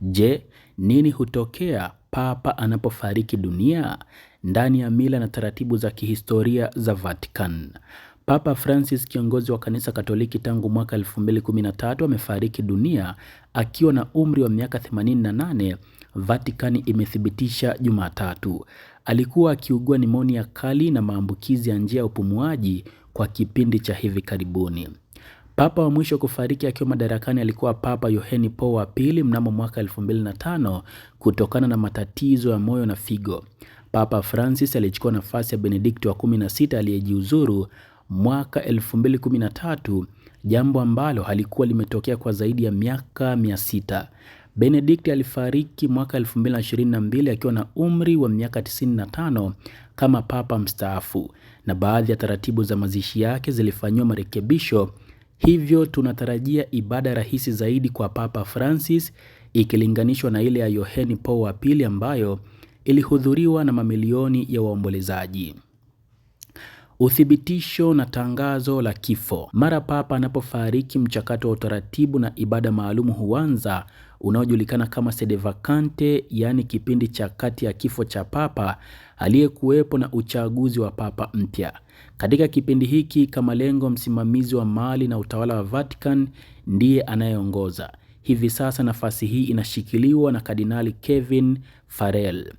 Je, nini hutokea papa anapofariki dunia? Ndani ya mila na taratibu za kihistoria za Vatican. Papa Francis, kiongozi wa kanisa Katoliki tangu mwaka 2013, amefariki dunia akiwa na umri wa miaka 88, Vatican imethibitisha Jumatatu. Alikuwa akiugua nimonia kali na maambukizi ya njia ya upumuaji kwa kipindi cha hivi karibuni. Papa wa mwisho kufariki akiwa madarakani alikuwa Papa Yohani Paul wa pili mnamo mwaka 2005 kutokana na matatizo ya moyo na figo. Papa Francis alichukua nafasi ya Benedikto wa 16 aliyejiuzuru mwaka 2013, jambo ambalo halikuwa limetokea kwa zaidi ya miaka 600. Benedict alifariki mwaka 2022 akiwa na umri wa miaka 95 kama papa mstaafu, na baadhi ya taratibu za mazishi yake zilifanyiwa marekebisho Hivyo tunatarajia ibada rahisi zaidi kwa Papa Francis ikilinganishwa na ile ya Yohane Paulo wa pili ambayo ilihudhuriwa na mamilioni ya waombolezaji. Uthibitisho na tangazo la kifo. Mara papa anapofariki, mchakato wa utaratibu na ibada maalum huanza unaojulikana kama sede vacante, yaani kipindi cha kati ya kifo cha papa aliyekuwepo na uchaguzi wa papa mpya. Katika kipindi hiki, kama lengo, msimamizi wa mali na utawala wa Vatican ndiye anayeongoza. Hivi sasa nafasi hii inashikiliwa na Kardinali Kevin Farrell.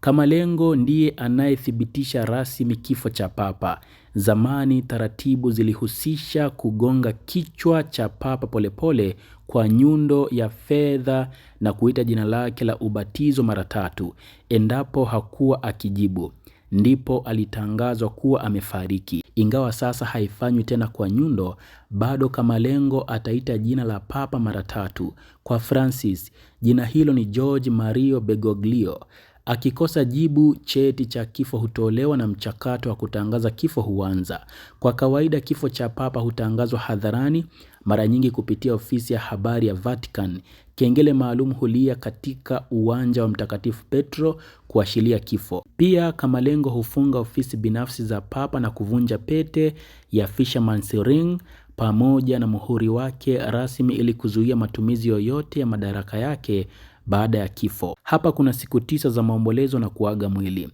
Kamalengo ndiye anayethibitisha rasmi kifo cha Papa. Zamani taratibu zilihusisha kugonga kichwa cha Papa polepole pole kwa nyundo ya fedha na kuita jina lake la ubatizo mara tatu. Endapo hakuwa akijibu, ndipo alitangazwa kuwa amefariki. Ingawa sasa haifanywi tena kwa nyundo, bado Kamalengo ataita jina la Papa mara tatu. Kwa Francis, jina hilo ni George Mario Bergoglio. Akikosa jibu, cheti cha kifo hutolewa na mchakato wa kutangaza kifo huanza. Kwa kawaida, kifo cha papa hutangazwa hadharani, mara nyingi kupitia ofisi ya habari ya Vatican. Kengele maalum hulia katika uwanja wa Mtakatifu Petro kuashiria kifo. Pia kama lengo hufunga ofisi binafsi za papa na kuvunja pete ya Fisherman's Ring pamoja na muhuri wake rasmi ili kuzuia matumizi yoyote ya madaraka yake baada ya kifo. Hapa kuna siku tisa za maombolezo na kuaga mwili.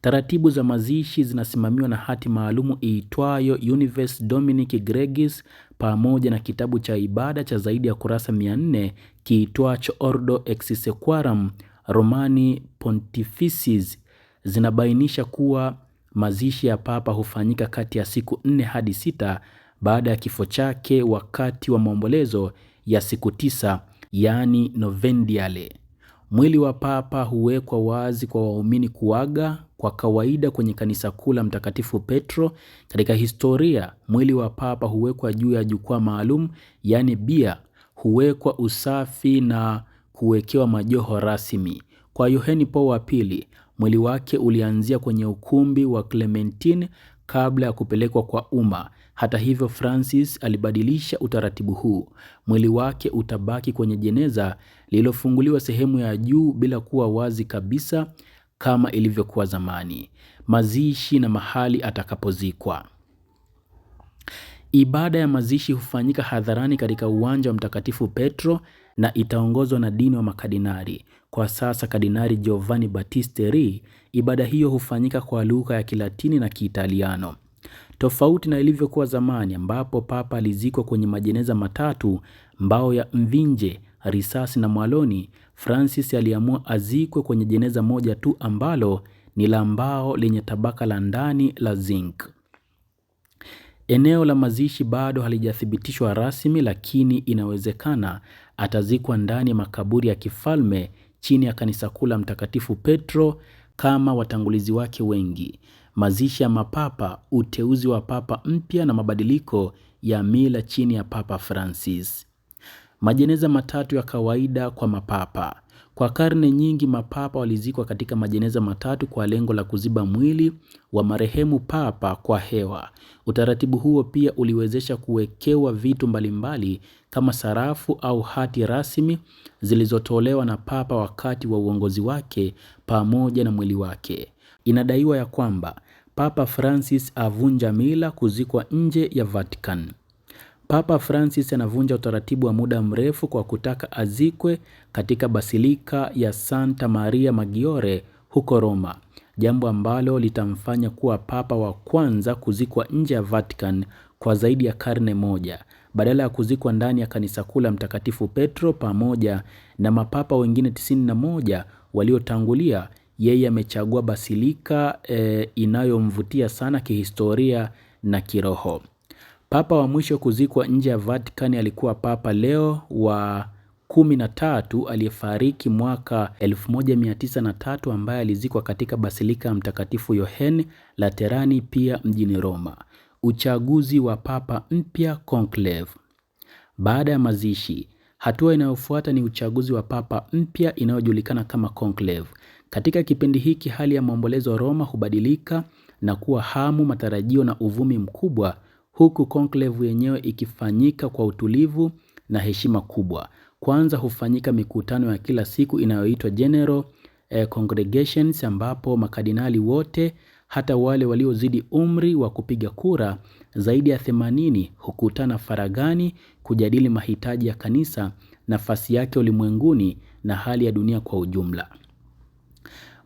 Taratibu za mazishi zinasimamiwa na hati maalumu iitwayo Universe Dominic Gregis pamoja na kitabu cha ibada cha zaidi ya kurasa 400 kiitwacho Ordo Exsequarum Romani Pontifices zinabainisha kuwa mazishi ya papa hufanyika kati ya siku nne hadi sita baada ya kifo chake wakati wa maombolezo ya siku tisa yaani novendiale. Mwili wa papa huwekwa wazi kwa waumini kuaga kwa kawaida kwenye kanisa kuu la Mtakatifu Petro. Katika historia, mwili wa papa huwekwa juu ya jukwaa maalum, yaani bia, huwekwa usafi na kuwekewa majoho rasmi. Kwa Yohani Paulo wa Pili, mwili wake ulianzia kwenye ukumbi wa Clementine kabla ya kupelekwa kwa umma. Hata hivyo, Francis alibadilisha utaratibu huu. Mwili wake utabaki kwenye jeneza lililofunguliwa sehemu ya juu bila kuwa wazi kabisa kama ilivyokuwa zamani. Mazishi na mahali atakapozikwa Ibada ya mazishi hufanyika hadharani katika uwanja wa Mtakatifu Petro na itaongozwa na dini wa makadinari. Kwa sasa kadinari Giovanni Battista Re. Ibada hiyo hufanyika kwa lugha ya Kilatini na Kiitaliano, tofauti na ilivyokuwa zamani ambapo papa alizikwa kwenye majeneza matatu, mbao ya mvinje, risasi na mwaloni. Francis aliamua azikwe kwenye jeneza moja tu ambalo ni la mbao lenye tabaka la ndani la zinc. Eneo la mazishi bado halijathibitishwa rasmi, lakini inawezekana atazikwa ndani ya makaburi ya kifalme chini ya kanisa kuu la Mtakatifu Petro kama watangulizi wake wengi. Mazishi ya mapapa, uteuzi wa papa mpya na mabadiliko ya mila chini ya Papa Francis. Majeneza matatu ya kawaida kwa mapapa. Kwa karne nyingi mapapa walizikwa katika majeneza matatu kwa lengo la kuziba mwili wa marehemu papa kwa hewa. Utaratibu huo pia uliwezesha kuwekewa vitu mbalimbali kama sarafu au hati rasmi zilizotolewa na papa wakati wa uongozi wake pamoja na mwili wake. Inadaiwa ya kwamba Papa Francis avunja mila kuzikwa nje ya Vatican. Papa Francis anavunja utaratibu wa muda mrefu kwa kutaka azikwe katika basilika ya Santa Maria Maggiore huko Roma, jambo ambalo litamfanya kuwa papa wa kwanza kuzikwa nje ya Vatican kwa zaidi ya karne moja badala ya kuzikwa ndani ya kanisa kuu la Mtakatifu Petro pamoja na mapapa wengine 91 waliotangulia. Yeye amechagua basilika e, inayomvutia sana kihistoria na kiroho. Papa wa mwisho kuzikwa nje ya Vatican alikuwa Papa Leo wa kumi na tatu aliyefariki mwaka 1903 ambaye alizikwa katika Basilika ya Mtakatifu Yohane Laterani pia mjini Roma. Uchaguzi wa papa mpya conclave. Baada ya mazishi, hatua inayofuata ni uchaguzi wa papa mpya inayojulikana kama conclave. Katika kipindi hiki hali ya maombolezo Roma hubadilika na kuwa hamu, matarajio na uvumi mkubwa huku conclave yenyewe ikifanyika kwa utulivu na heshima kubwa. Kwanza hufanyika mikutano ya kila siku inayoitwa General eh, Congregations ambapo makadinali wote hata wale waliozidi umri wa kupiga kura zaidi ya themanini hukutana faragani kujadili mahitaji ya kanisa, nafasi yake ulimwenguni na hali ya dunia kwa ujumla.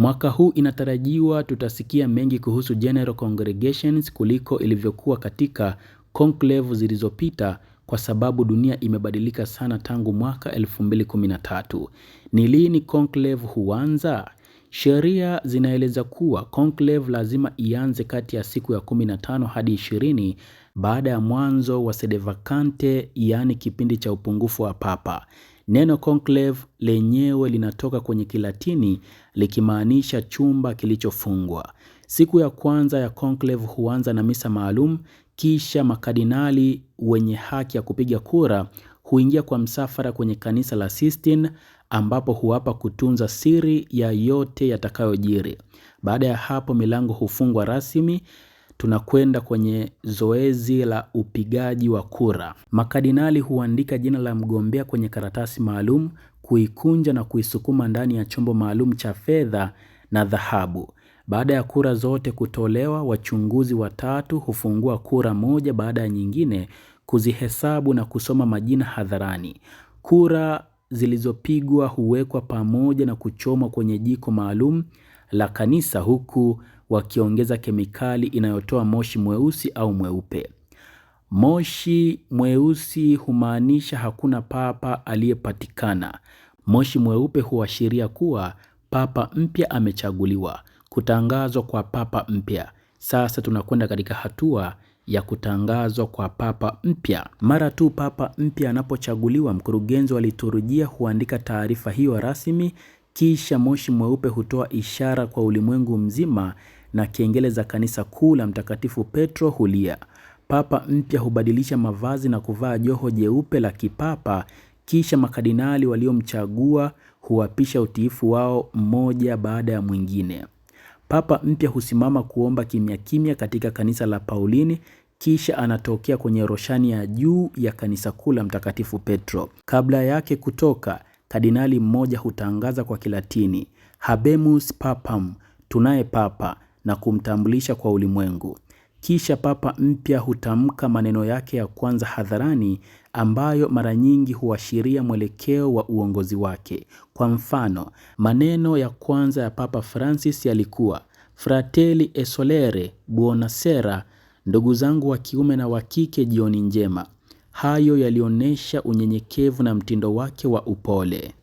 Mwaka huu inatarajiwa tutasikia mengi kuhusu General Congregations kuliko ilivyokuwa katika conclave zilizopita kwa sababu dunia imebadilika sana tangu mwaka 2013. Ni lini conclave huanza? Sheria zinaeleza kuwa conclave lazima ianze kati ya siku ya 15 hadi 20 baada ya mwanzo wa sedevakante, yaani kipindi cha upungufu wa papa. Neno conclave lenyewe linatoka kwenye Kilatini likimaanisha chumba kilichofungwa. Siku ya kwanza ya conclave huanza na misa maalum, kisha makardinali wenye haki ya kupiga kura huingia kwa msafara kwenye kanisa la Sistine ambapo huapa kutunza siri ya yote yatakayojiri. Baada ya hapo milango hufungwa rasmi tunakwenda kwenye zoezi la upigaji wa kura. makadinali huandika jina la mgombea kwenye karatasi maalum, kuikunja na kuisukuma ndani ya chombo maalum cha fedha na dhahabu. Baada ya kura zote kutolewa, wachunguzi watatu hufungua kura moja baada ya nyingine, kuzihesabu na kusoma majina hadharani. Kura zilizopigwa huwekwa pamoja na kuchomwa kwenye jiko maalum la kanisa huku wakiongeza kemikali inayotoa moshi mweusi au mweupe. Moshi mweusi humaanisha hakuna papa aliyepatikana. Moshi mweupe huashiria kuwa papa mpya amechaguliwa. Kutangazwa kwa papa mpya. Sasa tunakwenda katika hatua ya kutangazwa kwa papa mpya. Mara tu papa mpya anapochaguliwa, mkurugenzi wa liturujia huandika taarifa hiyo rasmi, kisha moshi mweupe hutoa ishara kwa ulimwengu mzima na kengele za kanisa kuu la Mtakatifu Petro hulia. Papa mpya hubadilisha mavazi na kuvaa joho jeupe la kipapa, kisha makadinali waliomchagua huapisha utiifu wao mmoja baada ya mwingine. Papa mpya husimama kuomba kimya kimya katika kanisa la Paulini, kisha anatokea kwenye roshani ya juu ya kanisa kuu la Mtakatifu Petro. Kabla yake kutoka, kadinali mmoja hutangaza kwa Kilatini, Habemus Papam, tunaye papa na kumtambulisha kwa ulimwengu. Kisha papa mpya hutamka maneno yake ya kwanza hadharani ambayo mara nyingi huashiria mwelekeo wa uongozi wake. Kwa mfano, maneno ya kwanza ya Papa Francis yalikuwa Fratelli e sorelle buonasera, ndugu zangu wa kiume na wa kike, jioni njema. Hayo yalionyesha unyenyekevu na mtindo wake wa upole.